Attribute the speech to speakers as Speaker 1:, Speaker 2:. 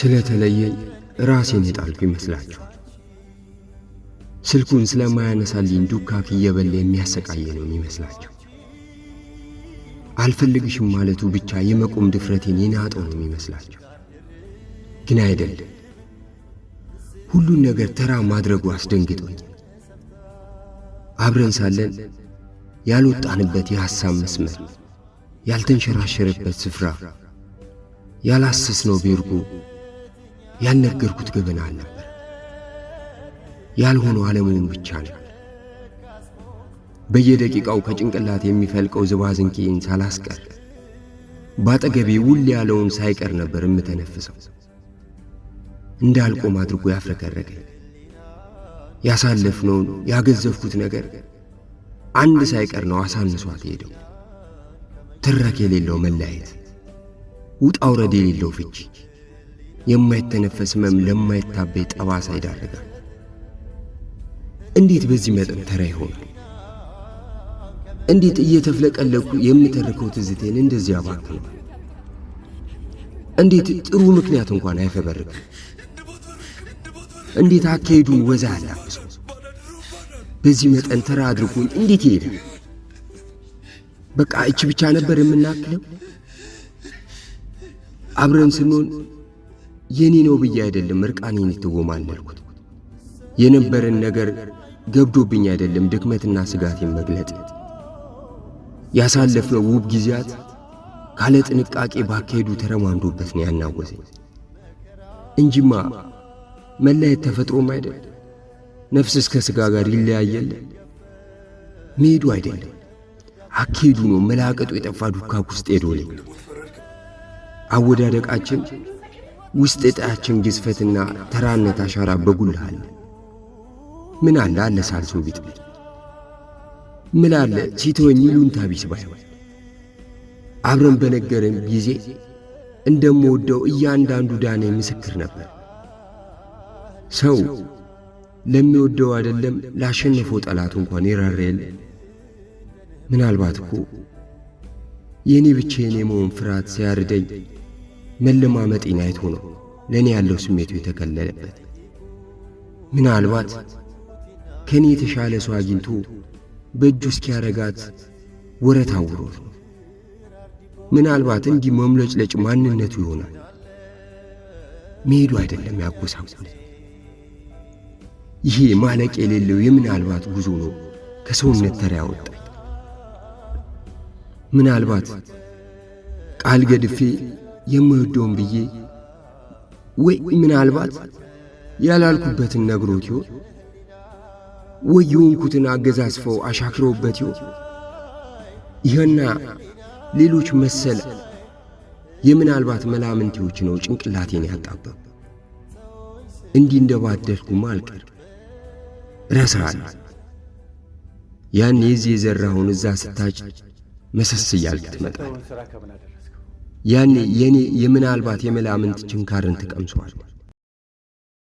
Speaker 1: ስለተለየኝ ራሴን የጣልኩ ይመስላችኋል? ስልኩን ስለማያነሳልኝ ዱካክ እየበላ የሚያሰቃየ ነው የሚመስላቸው። አልፈልግሽም ማለቱ ብቻ የመቆም ድፍረቴን የናጠው ነው የሚመስላቸው። ግን አይደለም። ሁሉን ነገር ተራ ማድረጉ አስደንግጦኝ አብረን ሳለን ያልወጣንበት የሐሳብ መስመር፣ ያልተንሸራሸረበት ስፍራ፣ ያላሰስነው ቤርጎ ያልነገርኩት ገበና አልነበር፣ ያልሆነው ዓለሙን ብቻ ነበር። በየደቂቃው ከጭንቅላት የሚፈልቀው ዝባዝንኪን ሳላስቀር ባጠገቤ ውል ያለውን ሳይቀር ነበር የምተነፍሰው። እንዳልቆም አድርጎ ያፍረከረገኝ ያሳለፍነውን ያገዘፍኩት ነገር አንድ ሳይቀር ነው አሳንሷት ሄደው። ትረክ የሌለው መለያየት፣ ውጣ ውረድ የሌለው ፍቺ የማይተነፈስ ህመም ለማይታበይ ጠባሳ ይዳርጋል። እንዴት በዚህ መጠን ተራ ይሆናል? እንዴት እየተፍለቀለኩ የምተርከው ትዝቴን እንደዚህ አባት ነው? እንዴት ጥሩ ምክንያት እንኳን አይፈበርቅም? እንዴት አካሄዱን ወዛ አላብሶ በዚህ መጠን ተራ አድርጎኝ እንዴት ይሄዳል? በቃ እች ብቻ ነበር የምናክለው አብረን ስንሆን የኔ ነው ብዬ አይደለም እርቃኔን ትወማለልኩት። የነበረን ነገር ገብዶብኝ አይደለም ድክመትና ስጋቴን መግለጥ። ያሳለፍነው ውብ ጊዜያት ካለ ጥንቃቄ ባካሄዱ ተረማምዶበት ነው ያናወዘኝ እንጂማ መለየት ተፈጥሮም አይደለም። ነፍስ እስከ ሥጋ ጋር ይለያየል። መሄዱ አይደለም አካሄዱ ነው መላቀጡ የጠፋ ዱካክ ውስጥ ሄዶልኝ አወዳደቃችን ውስጥ ዕጣያችን ግዝፈትና ተራነት አሻራ በጉልሃል ምን አለ አለሳልሶ ቢጥ ምን አለ ሲተወኝ ይሉንታ ቢስ ባይሆን አብረን በነገረን ጊዜ እንደምወደው እያንዳንዱ ዳኔ ምስክር ነበር። ሰው ለሚወደው አይደለም ላሸነፈው ጠላቱ እንኳን ይራራል። ምናልባት እኮ የእኔ የኔ መሆን ፍርሃት ሲያርደኝ መለማመጤን አይቶ ነው ለእኔ ያለው ስሜቱ የተገለለበት። ምናልባት ከእኔ የተሻለ ሰው አግኝቶ በእጁ እስኪያረጋት ወረት አውሮት ነው። ምናልባት እንዲህ መምለጭለጭ ማንነቱ ይሆናል። መሄዱ አይደለም ያጎሳቁል። ይሄ ማለቅ የሌለው የምናልባት ጉዞ ነው ከሰውነት ተራ ያወጣ። ምናልባት ቃል ገድፌ የምወደውን ብዬ ወይ ምናልባት ያላልኩበትን ነግሮት ይሆን ወይ የሆንኩትን አገዛዝፈው አሻክረውበት ይሆን? ይህና ሌሎች መሰል የምናልባት መላምንቴዎች ነው ጭንቅላቴን ያጣበው። እንዲህ እንደ እንደባደልኩም ማልቀር ረሳል። ያን የዚህ የዘራኸውን እዛ ስታጭ መሰስ እያልክ ትመጣል። ያኔ የኔ የምናልባት የመላምንት ችንካርን ትቀምሰዋል።